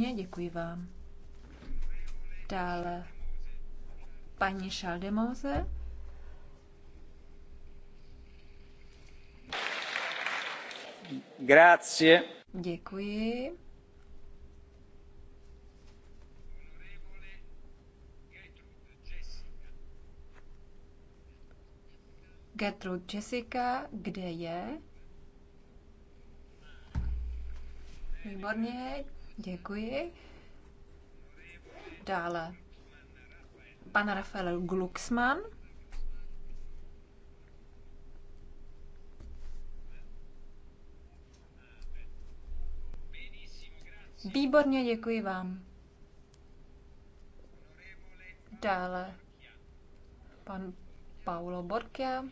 Výborně, děkuji vám. Dále paní Šaldemose. Grazie. Děkuji. Gertrude Jessica, kde je? Výborně, Děkuji. Dále pan Rafael Glucksmann. Výborně, děkuji vám. Dále pan Paulo Borkia.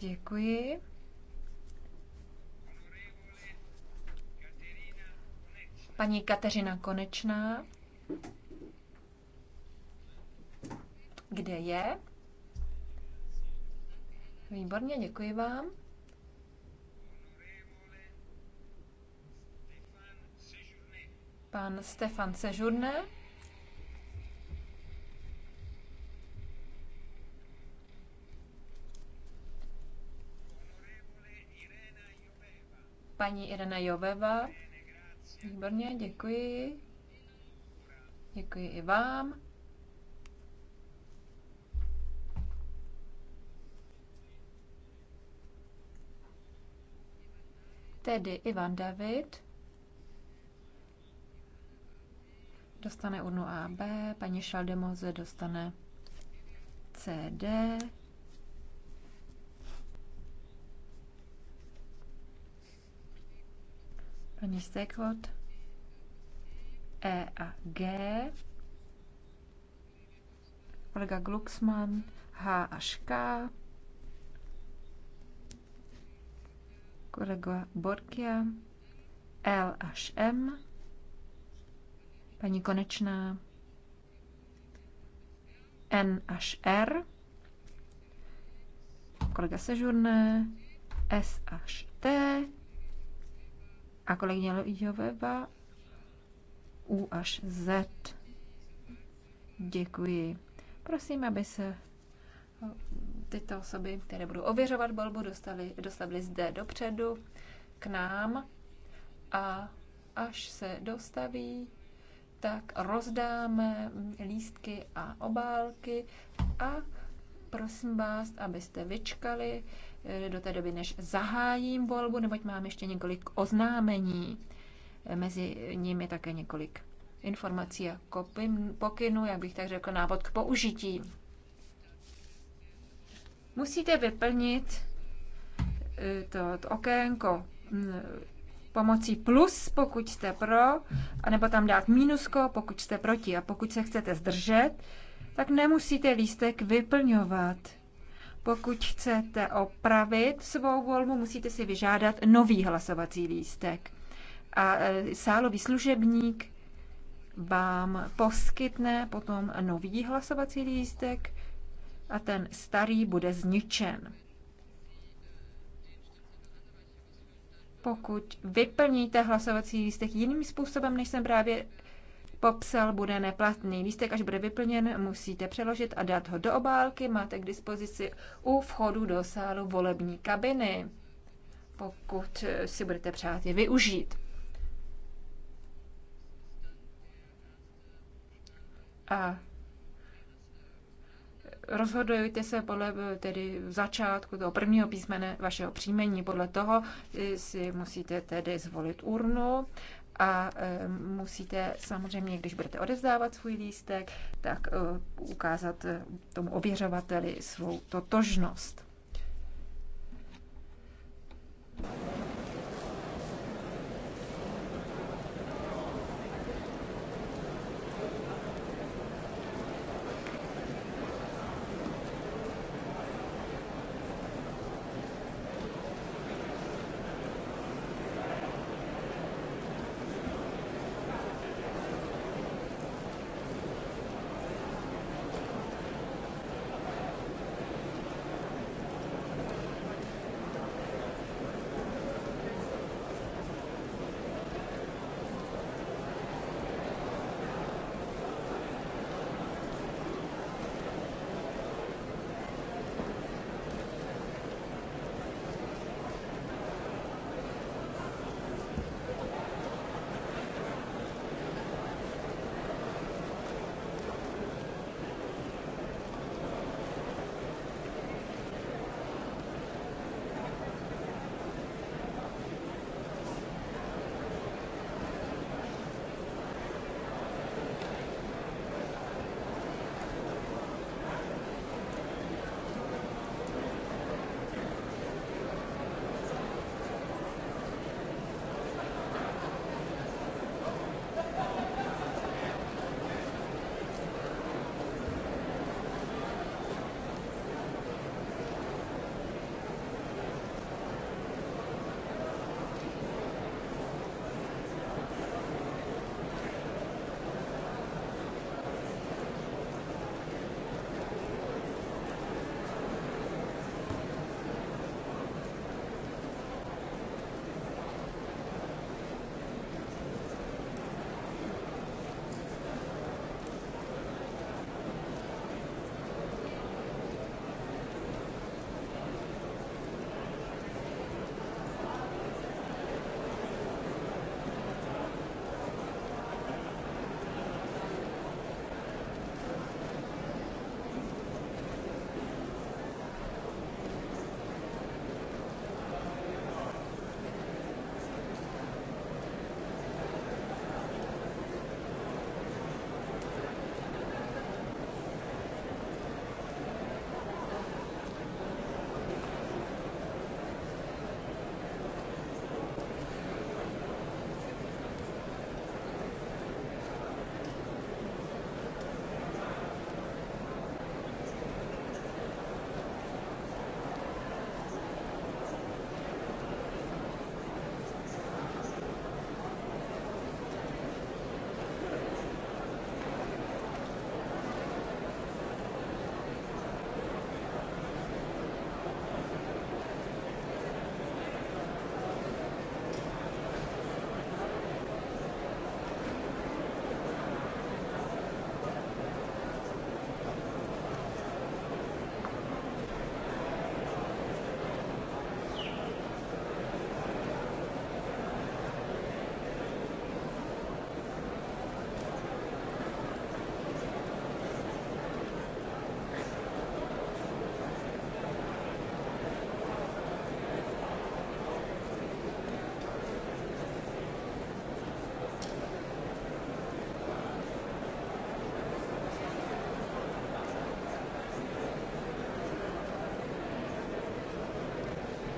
Děkuji. Paní Kateřina Konečná. Kde je? Výborně, děkuji vám. Pan Stefan Sežurné. Paní Irena Joveva. Výborně, děkuji. Děkuji i vám. Tedy Ivan David dostane urnu AB, paní Šaldemoze dostane CD, Paní Stekot. E a G. Kolega Glucksmann. H až K. Kolega Borkia. L až M. Paní Konečná. N až R. Kolega Sežurné. S až T a kolegyně Joveva U až Z. Děkuji. Prosím, aby se tyto osoby, které budou ověřovat bolbu, dostali, dostavili zde dopředu k nám a až se dostaví, tak rozdáme lístky a obálky a prosím vás, abyste vyčkali, Eh, do té doby, než zahájím volbu, neboť mám ještě několik oznámení. Eh, mezi nimi také několik informací a pokynů, jak bych tak řekl, návod k použití. Musíte vyplnit eh, to, to okénko mm, pomocí plus, pokud jste pro, anebo tam dát mínusko, pokud jste proti. A pokud se chcete zdržet, tak nemusíte lístek vyplňovat. Pokud chcete opravit svou volbu, musíte si vyžádat nový hlasovací lístek. A e, sálový služebník vám poskytne potom nový hlasovací lístek a ten starý bude zničen. Pokud vyplníte hlasovací lístek jiným způsobem, než jsem právě popsal, bude neplatný. Lístek, až bude vyplněn, musíte přeložit a dát ho do obálky. Máte k dispozici u vchodu do sálu volební kabiny, pokud si budete přát je využít. A rozhodujte se podle tedy začátku toho prvního písmene vašeho příjmení. Podle toho eh, si musíte tedy zvolit urnu a eh, musíte samozřejmě, když budete odevzdávat svůj lístek, tak eh, ukázat eh, tomu ověřovateli svou totožnost.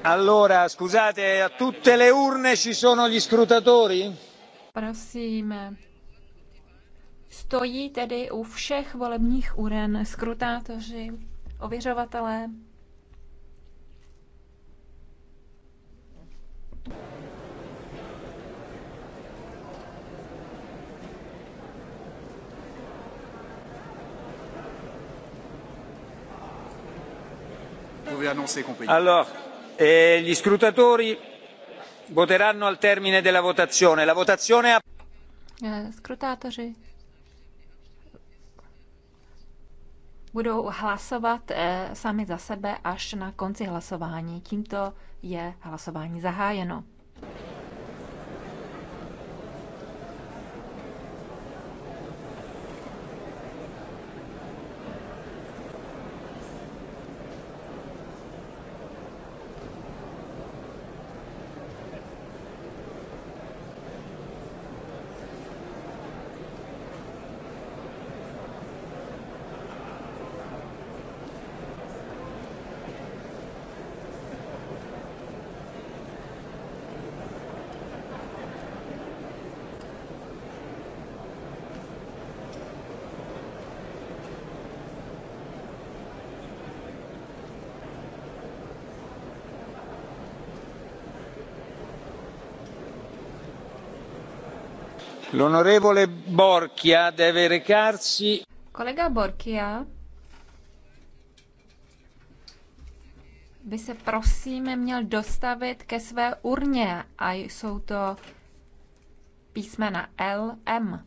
Allora, scusate, a tutte le urne ci sono gli scrutatori? Prosím. Stojí tedy u všech volebních uren skrutátoři, ověřovatelé. Alors, E gli scrutatori voteranno al termine della votazione. La votazione ha e, Skrutátoři budou hlasovat e, sami za sebe až na konci hlasování. Tímto je hlasování zahájeno. Kolega Borchia by se prosím měl dostavit ke své urně a jsou to písmena L, M.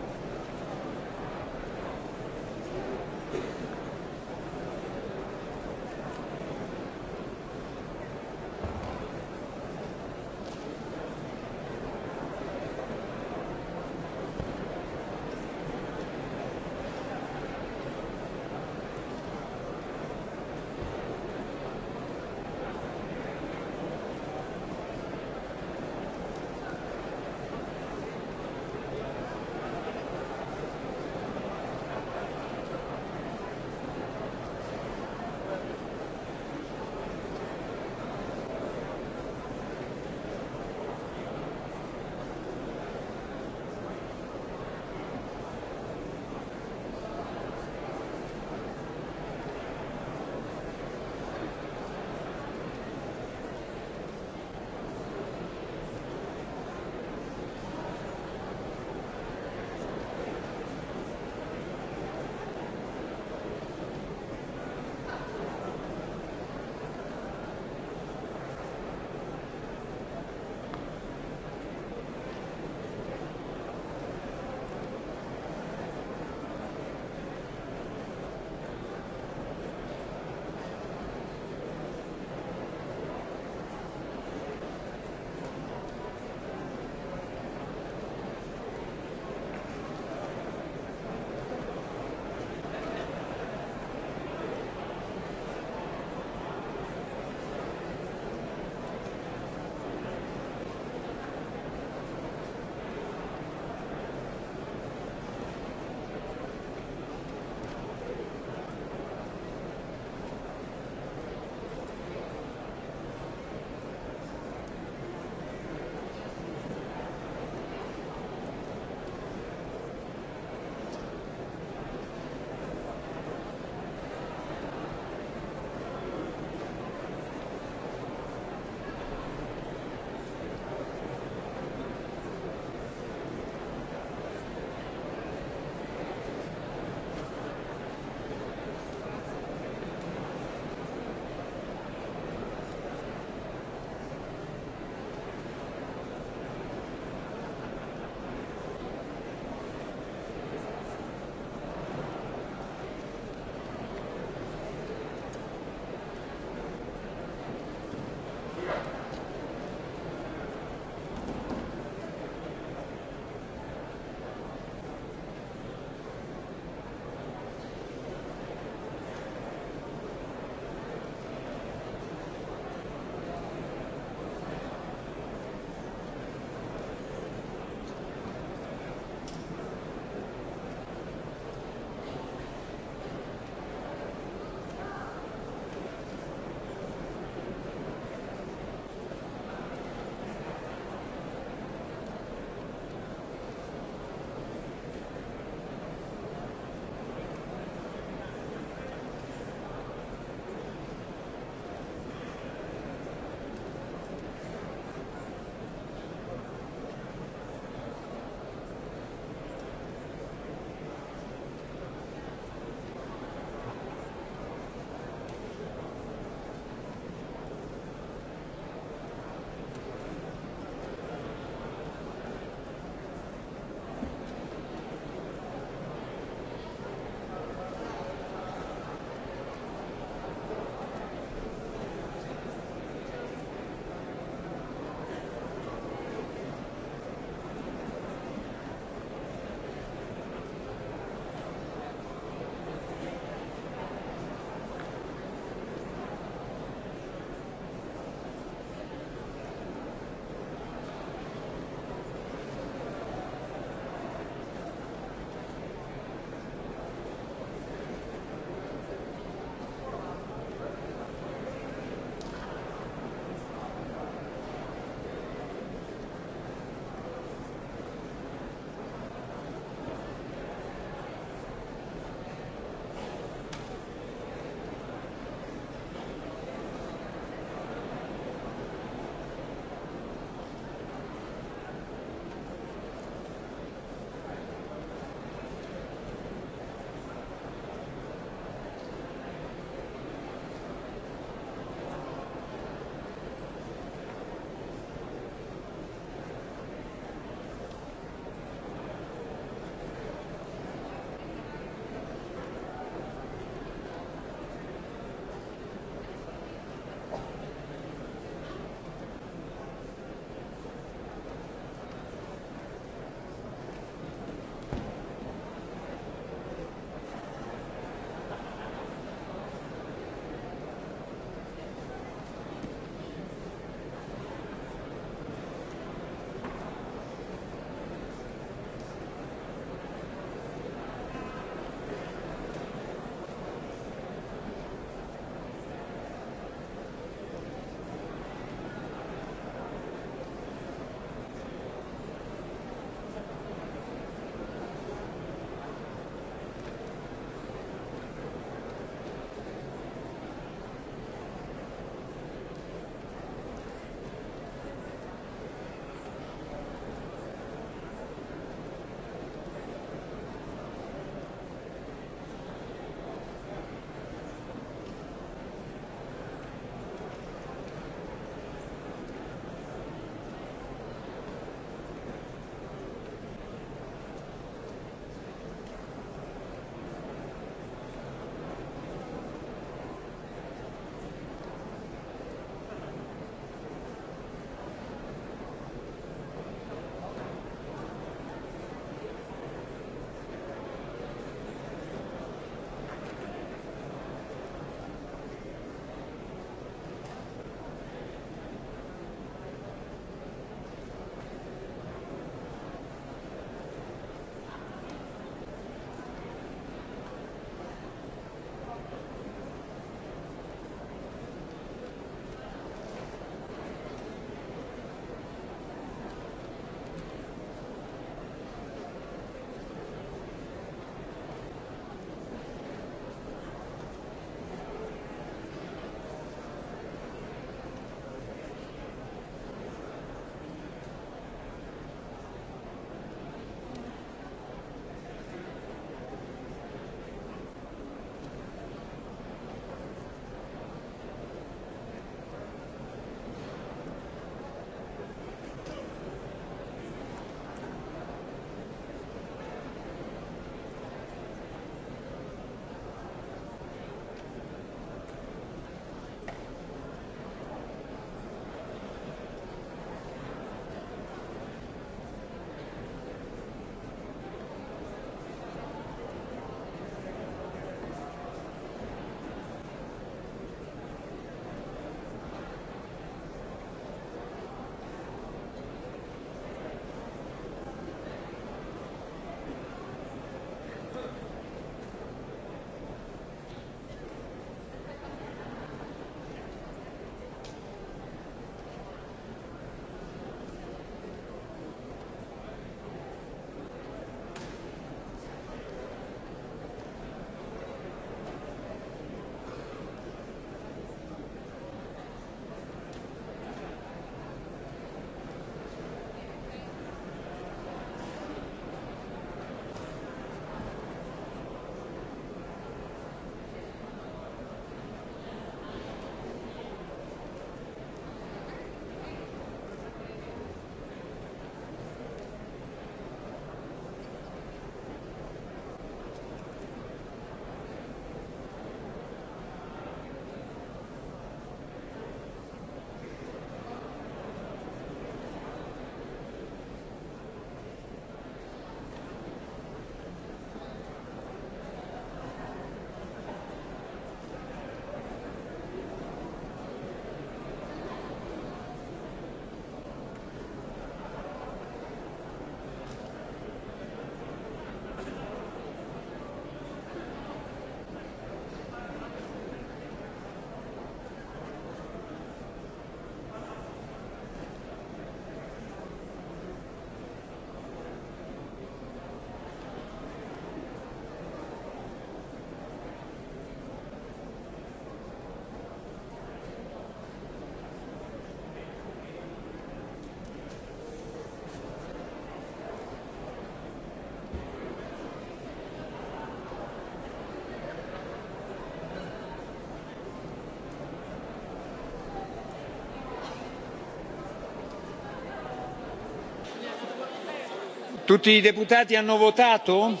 Tutti i deputati hanno votato?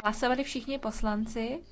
Hlasovali všichni poslanci?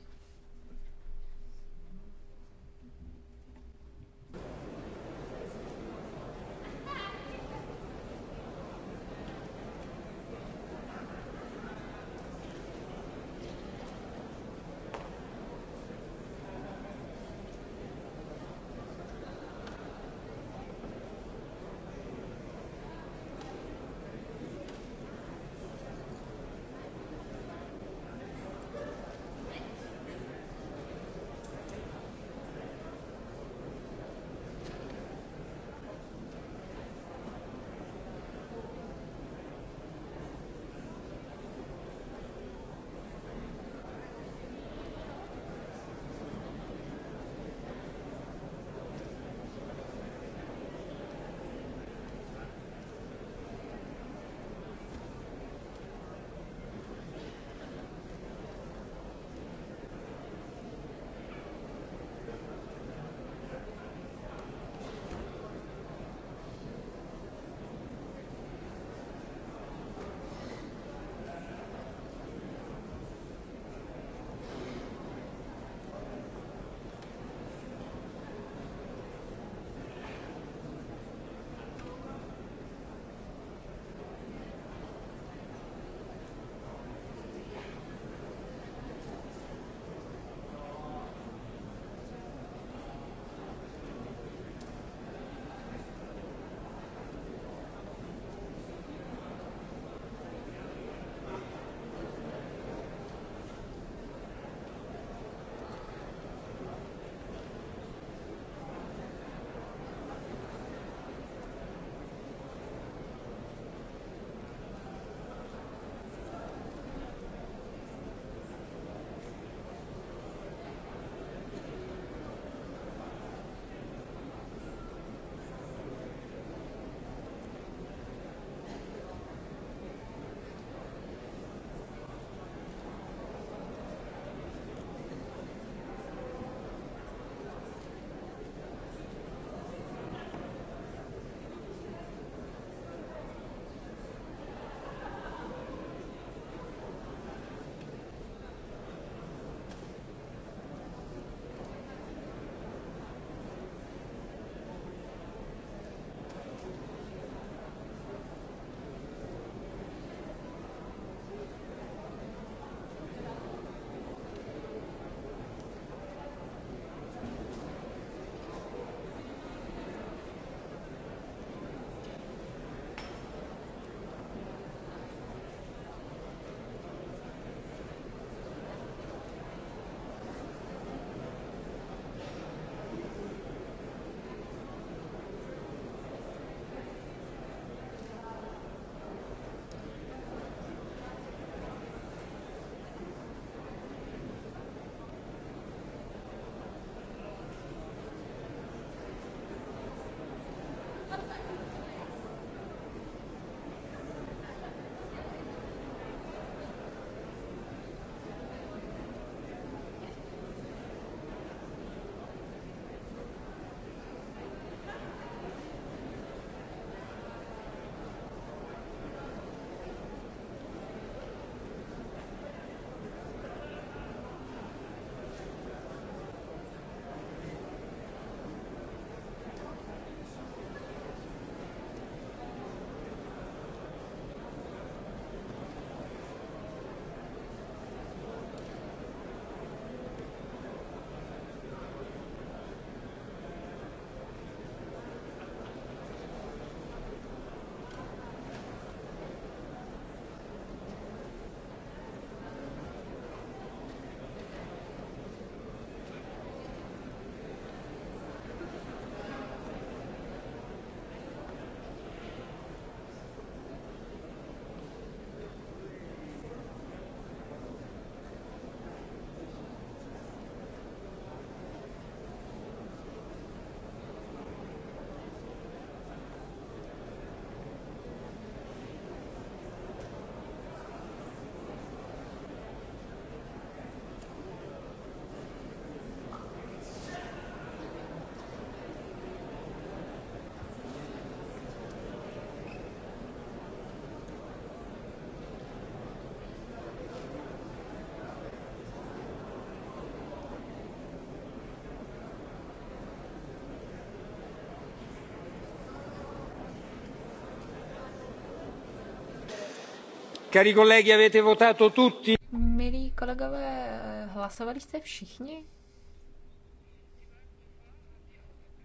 Cari colleghi, avete votato tutti? Milí kolegové, hlasovali jste všichni?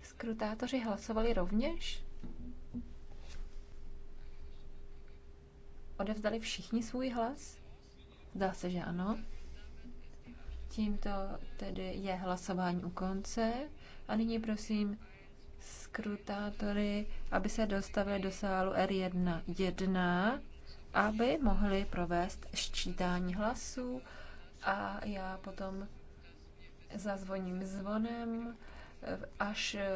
Skrutátoři hlasovali rovněž? Odevzdali všichni svůj hlas? Zdá se, že ano. Tímto tedy je hlasování u konce. A nyní prosím skrutátory, aby se dostavili do sálu R1.1 aby mohli provést sčítání hlasů a já potom zazvoním zvonem, až eh,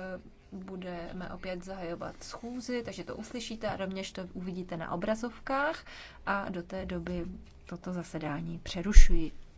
budeme opět zahajovat schůzi, takže to uslyšíte a rovněž to uvidíte na obrazovkách a do té doby toto zasedání přerušuji.